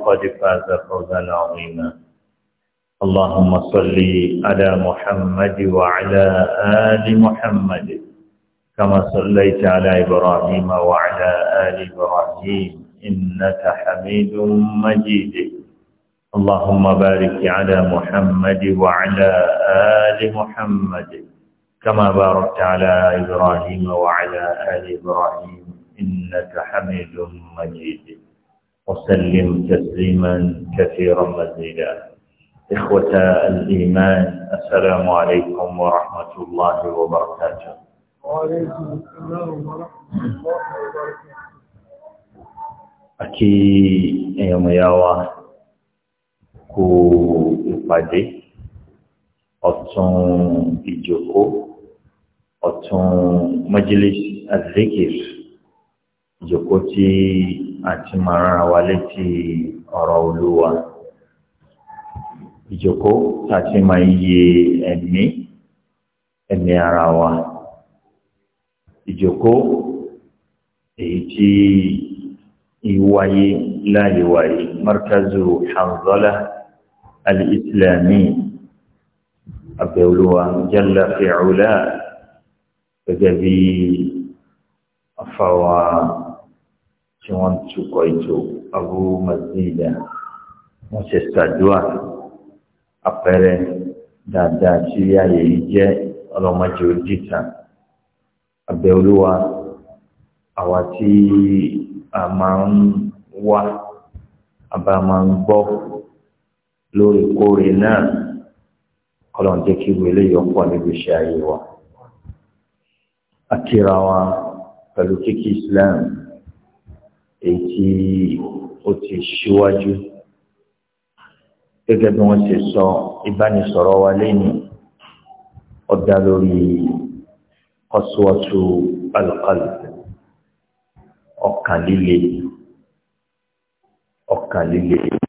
فقد فاز فوزا عظيما اللهم صل على محمد وعلى آل محمد كما صليت على إبراهيم وعلى آل إبراهيم إنك حميد مجيد اللهم بارك على محمد وعلى آل محمد كما باركت على إبراهيم وعلى آل إبراهيم إنك حميد مجيد وسلم تسليما كثيرا مزيدا إخوة الإيمان السلام عليكم ورحمة الله وبركاته وعليكم السلام ورحمة الله وبركاته أكي يوم يوا كو إفادي أتون ìjòkó أتون مجلس الذكر ìjòkó tí a ti máa rárá wa létí ọ̀rọ̀ olúwa ìjòkó tá a ti máa yẹ ẹ̀mí ẹ̀mí ara wa ìjòkó èyí tí ìwáyé láàyè wáyé markazu hanzola al abẹ́olúwa jalla fi'ula gẹ́gẹ́ bí afáwa tí wọ́n tukọ̀ ètò Abu Mazida wọ́n ṣe ṣàdúrà àpẹẹrẹ dáadáa tí ayé yìí jẹ́ ọlọ́mọdé òdìta abẹ́ olúwa àwa tí a máa ń wá a bá máa ń gbọ́ lóòrèkóòrè náà kọlọ́n jẹ́ kí wọlé yọpọ̀ níbi iṣẹ́ ayé wa. akíra wa pẹ̀lú kíkí Islam èyí tí ó ti ṣíwájú gẹ́gẹ́ bí wọ́n ṣe sọ ìbánisọ̀rọ̀ wa lẹ́yìn ọ̀dà lórí qaswatu al-qalb ọkàn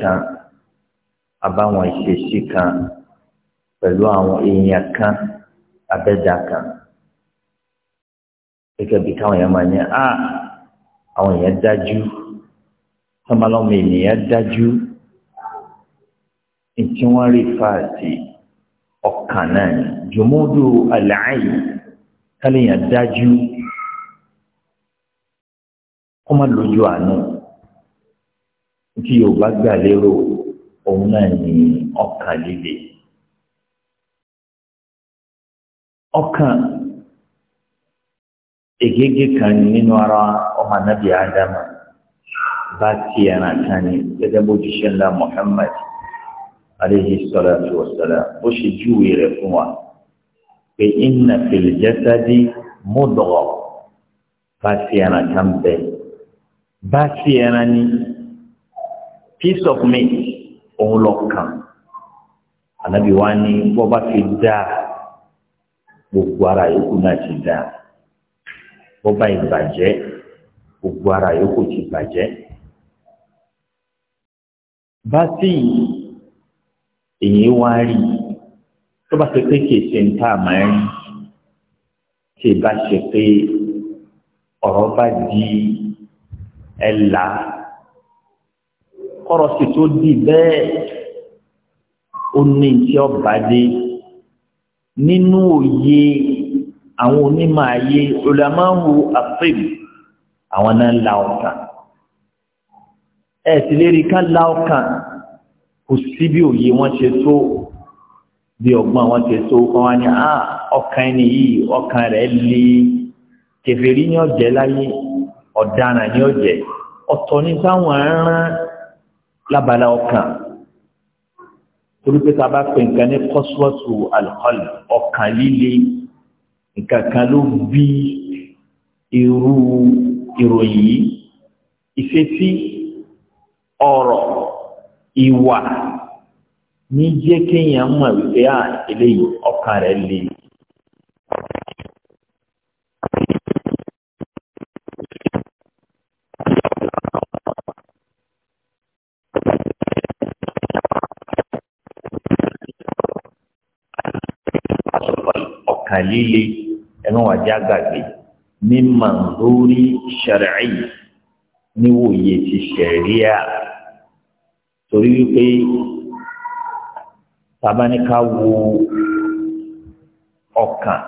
kan àbáwọn ìṣesí kan pẹ̀lú àwọn èèyàn kan abẹ́dá kan gẹ́gẹ́ bí káwọn èèyàn máa ní à àwọn èèyàn dájú sọmọlọ́mọ ènìyàn dájú ntí wọ́n rí fáàtì ọ̀kan náà ni jòmódù àlàáyé kálíyàn dájú kó lójú àánú tí yorùbá gbà lérò òun náà ní ọkàn líle ọkàn egége kan nínú ara ọmọ anabi adama bá ti ẹran kan ní gẹ́gẹ́ bó jíṣẹ́ ńlá muhammad aleyhi salatu wa salam ó ṣe júwe rẹ̀ fún wa pé inna fil jasadi mudgha bá ti ẹran kan bẹ bá ti ẹran ní peace of mind òun lọ kàn ànábì wa ní bọ́ba fi dáa gbogbo ara yòókù náà ti dáa bọ́ba ìbàjẹ́ gbogbo ara yòókù ti bàjẹ́ bátì èyí wá rí tó bá ṣe pé kì ń tá a máa rí tí bá ṣe pé ọ̀rọ̀ bá di ẹ̀là kọ́rọ̀ sì tó di bẹ́ẹ̀ ó ní tí ó bàdé nínú òye àwọn onímọ̀ ayé olùdámáwò àfẹ́bù àwọn náà la ọkàn ẹ̀ sì lérí ká la ọkàn kò sí bí òye wọn ṣe tó bí ọgbọ́n wọn ṣe tó kọ́ wá ní à ọkàn ẹni yìí ọkàn rẹ̀ le kèfèrí ni ó láyé ọ̀daràn ni ó ọ̀tọ̀ ní táwọn ẹran lábala ọkàn torí pé tá a bá pè nǹkan ní kọ́sùwọ́sù alhọ́lì ọkàn líle nǹkan kan ló bí irú ìròyìn yìí ìfẹ́sí ọ̀rọ̀ ìwà ní jẹ́ kéèyàn mọ̀ wípé à ah, eléyìí ọkàn rẹ̀ le líle ẹ̀mọ́ wà já gbàgbé ní màndórí ṣàrẹ́ì níwòye ti ṣẹ̀ríà torí wípé tabaníká wo ọkàn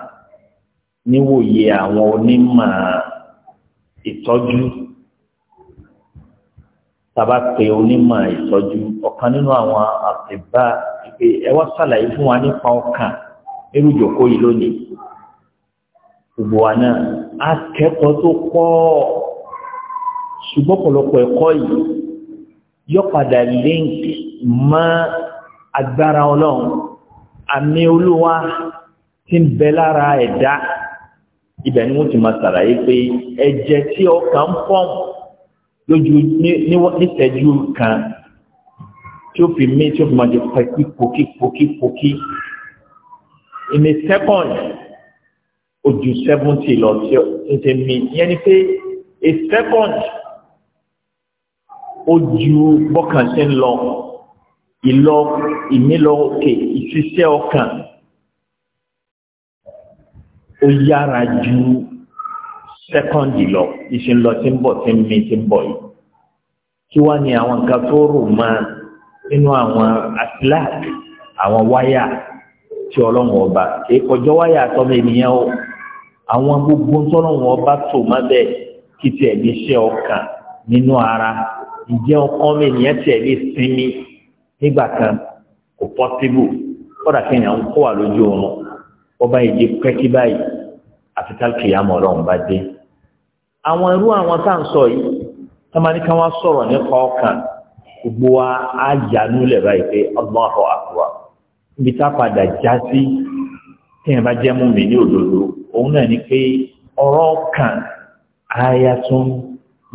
níwòye àwọn onímọ̀ ìtọ́jú tàbá pe onímọ̀ ìtọ́jú ọ̀kan nínú àwọn àtẹ̀bá pé ẹ wá ṣàlàyé fún wa nípa ọkàn irú ìjòkó yìí lónìí gbogbo wa náà akẹ́kọ̀ọ́ tó pọ̀ ṣùgbọ́n ọ̀pọ̀lọpọ̀ ẹ̀kọ́ yìí yọ́padà link mọ́ agbára ọlọ́run àmì olúwa ti ń bẹ lára ẹ̀dá ibẹ̀ ni wọ́n ti máa ṣàlàyé pé ẹ̀jẹ̀ tí ọkàn ń pọ̀ lójú nítẹ̀jú kan tí ó fi mí tí ó fi máa jẹ pẹ́ kíkókíkókíkókí in a second ojú seventy lọ sí ọ̀sẹ̀ mi ìyẹn ni pé a second ojú bọ́kànṣe ń lọ ìlọ ìmílọ òkè ìṣiṣẹ́ ọkàn ó yára ju sẹ́kọ́ǹdì lọ iṣẹ́ ń lọ tí ń bọ̀ tí ń mi tí ń bọ̀ yìí kí wá ní àwọn nǹkan tó rò mọ́ nínú àwọn àtìláàkì àwọn wáyà tí ọlọ́run ọba kì í kọjọ́ wáyà àtọ́mọ ènìyàn o àwọn gbogbo tọ́lọ́run ọba tó má bẹ́ẹ̀ kí ọkàn nínú ara ìjẹ́ ọkàn mi ènìyàn tiẹ̀ lè sinmi nígbà kan kò pọ́síbù kọ́dà ọba ìdí pẹ́kí báyìí àti tálkì àmọ́ ọlọ́run bá dé. àwọn irú àwọn tá à ń gbogbo wa á nílẹ̀ báyìí pé ibi tá padà já sí téèyàn bá jẹ́ mú mi ní òdodo òun náà ni pé ọ̀rọ̀ kan ayatun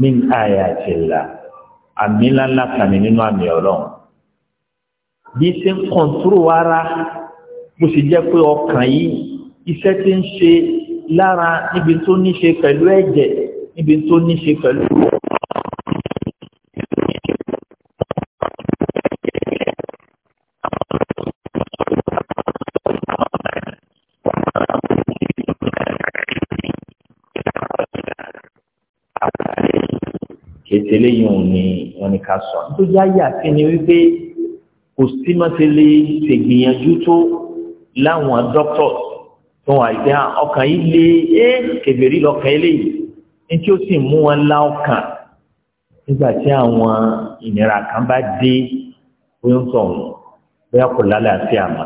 min ayatillah àmì ńláńlá kàmí nínú àmì ọlọ́run bí ṣe ń kọ̀ǹtúrò ara bó ṣe jẹ́ pé ọkàn yìí iṣẹ́ ti ń ṣe lára níbi tó ní ṣe pẹ̀lú ẹ̀jẹ̀ níbi tó ní ṣe pẹ̀lú kéte léyìn òní wọn ni ká sọ tó já yà sí ni wípé kò sí mọ́tẹ́lẹ́ ṣègbìyànjú tó láwọn doctors tó wà ìgbẹ́ ah, ọkàn yìí lé é kẹbẹ̀rí lọ́kàn eléyìí ní tí ó sì mú wọn lá ọkàn nígbà tí àwọn ìnira kan bá dé oyún tọ̀hún bóyá kò lálàáfíà mà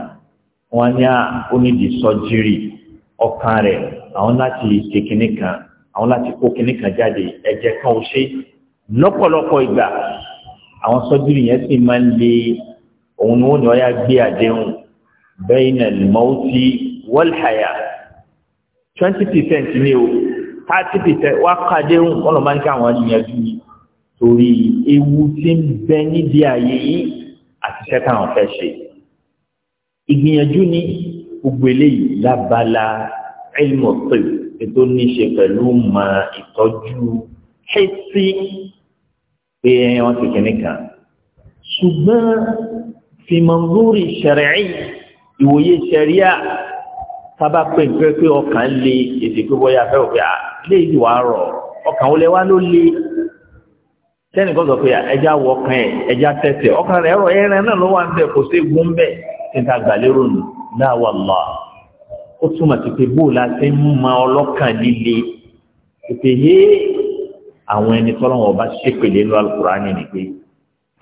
wọn ní onídìí ah, sọ́jírì ọkàn rẹ̀ àwọn láti ṣe kinní kan àwọn láti kó kinní kan jáde ẹ̀jẹ̀ kan ò ṣe é lọ́pọ̀lọpọ̀ ìgbà àwọn sọ́júrì yẹn sì máa ń le òun ni wọ́n ní ọ̀yá gbé àdéhùn bẹ́ẹ̀nà mọ́tì wọ́lhàyà twenty percent ní o thirty percent wá kàdéhùn wọ́n lọ máa ń ká àwọn ìyànjú yìí torí ewu tí ń bẹ níbi ààyè yìí àti iṣẹ́ táwọn fẹ́ ṣe ìgbìyànjú ní gbogbo eléyìí lábala ilmu tib ètò ní ṣe pẹ̀lú mọ ìtọ́jú hẹ́sí pé wọ́n ti kìíní kan ṣùgbọ́n fi mọ̀ngúrì ṣẹ̀rẹ̀ẹ́ ìwòye ṣẹ̀ríà sábà pé nǹkan pé ọkàn le èsì pé bóyá fẹ́ òfin àléèdè wàá rọ̀ ọkàn wọlé wa ló le sẹ́ni kan sọ pé ah, ẹja wọ ọkàn ẹ̀ ẹja tẹ̀sẹ̀ ọkàn rẹ̀ rọ̀ ẹran náà ló wà ń bẹ̀ kò sí egun bẹ́ẹ̀ tí gbà lérò nù náà wà lọ́à ó túmọ̀ sí pé bóòlù àti mú ma ọlọ́kàn líle ètè yéé àwọn ẹni tọ́lọ́wọ́ ọba ṣépèlé ló alukur'ani ni pé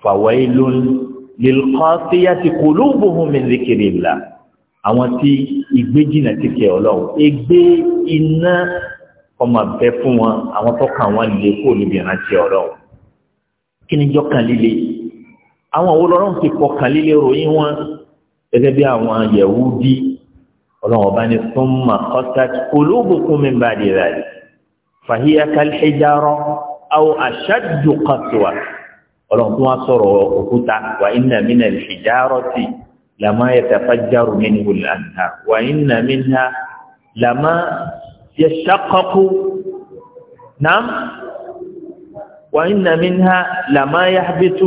fawailun lilqasiyati qulubuhum min dhikrillah àwọn tí ìgbéjìnà ti kẹ ọlọ́run ègbé iná ọmọ bẹ fún wọn àwọn tó kàn wọn lè kó níbi ìrántí ọlọ́run kí ni jọ́kàn líle àwọn wo lọ́rùn ti kọkàn líle ròyìn wọn gẹ́gẹ́ bí àwọn Yahudi ọlọ́run ọba ní summa qasat qulubukum min ba'di dhalik فهي كالحجارة أو أشد قسوة ولو صور وقفتا وإن من الحجارة لما يتفجر منه الأنهار وإن منها لما يشقق نعم وإن منها لما يهبط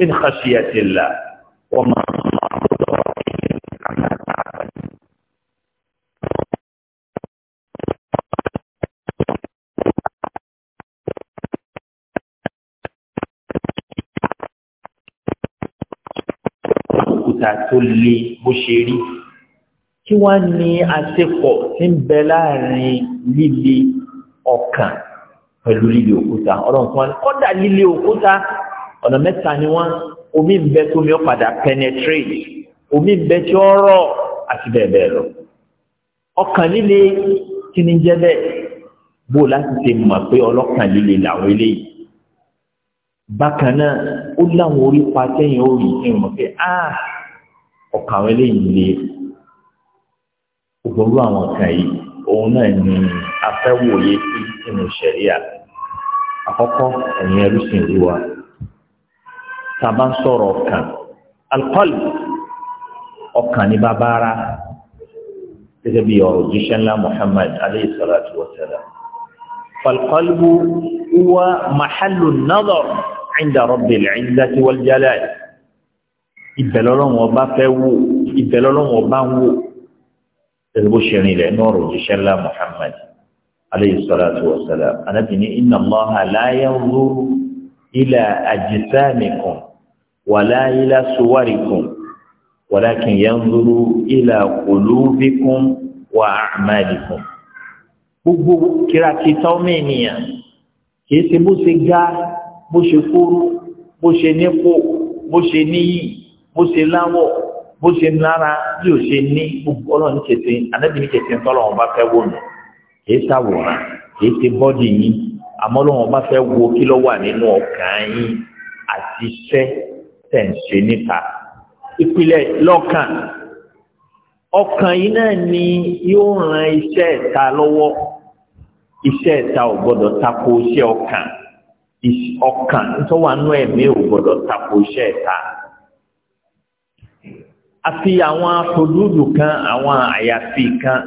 من خشية الله وما òkúta tó le bó ṣe rí kí wá ní àṣepọ̀ tí ń bẹ láàrin líle ọkàn pẹ̀lú líle òkúta ọ̀rọ̀ nǹkan wọn kọ́dà líle òkúta ọ̀nà mẹ́ta ni wọ́n omi ń bẹ tómi ó penetrate omi ń bẹ tí ó rọ̀ àti bẹ́ẹ̀ bẹ́ẹ̀ lọ ọkàn líle kí ni jẹ́ bẹ́ẹ̀ bó láti ṣe mọ̀ pé ọlọ́kàn líle làwọn eléyìí bákan náà ó láwọn orí pa sẹ́yìn ó rí ìmọ̀ pé áà. Ah, ọkàn àwọn eléyìí le gbogbo àwọn kan yìí òun náà ni afẹ́wòye sí nínú ṣẹ̀ríà àkọ́kọ́ ẹ̀yìn ẹrú sì ń rí wa tá a bá ń sọ̀rọ̀ ọkàn alkọ́lì ọkàn ní bàbá gẹ́gẹ́ bí ọ̀rọ̀ jíṣẹ́ ńlá Muhammad alayhi salatu wa salam falkọ́lù wúwa mahalu nadar inda rabbil izzati wal jalal ibẹ̀ lọ́lọ́run ọba fẹ́ wò ibẹ̀ lọ́lọ́run ọba ń wò ẹ̀rọ bó ṣe rìn lẹ̀ náà rò jíṣẹ́ ńlá Muhammad alayhi salatu wa salam anabi ni inna Allaha la yanzuru ila ajsamikum wala ila suwarikum walakin yanzuru ila qulubikum wa a'malikum gbogbo kírakí tọ́mọ ènìyàn kìí ṣe bó ṣe ga bó ṣe kúrú bó ṣe nípò bó ṣe níyì bó ṣe láwọ̀ bó ṣe lára bí ò ṣe ní gbogbo ọlọ́run ṣètò anábìíní ṣètò ìtọ́lọ̀ wọn bá fẹ́ wò nù kì í ṣàwòrán kì í ṣe bọ́dì bá fẹ́ wo kí ló wà nínú ọkàn yín àti iṣẹ́ tẹ̀ ń ṣe níta ìpìlẹ̀ lọ́kàn ọkàn yìí náà ni yóò ran iṣẹ́ ẹ̀ta lọ́wọ́ iṣẹ́ ẹ̀ta ò gbọ́dọ̀ tako iṣẹ́ ọkàn ọkàn àfi àwọn hudúdù kan àwọn àyàfi kan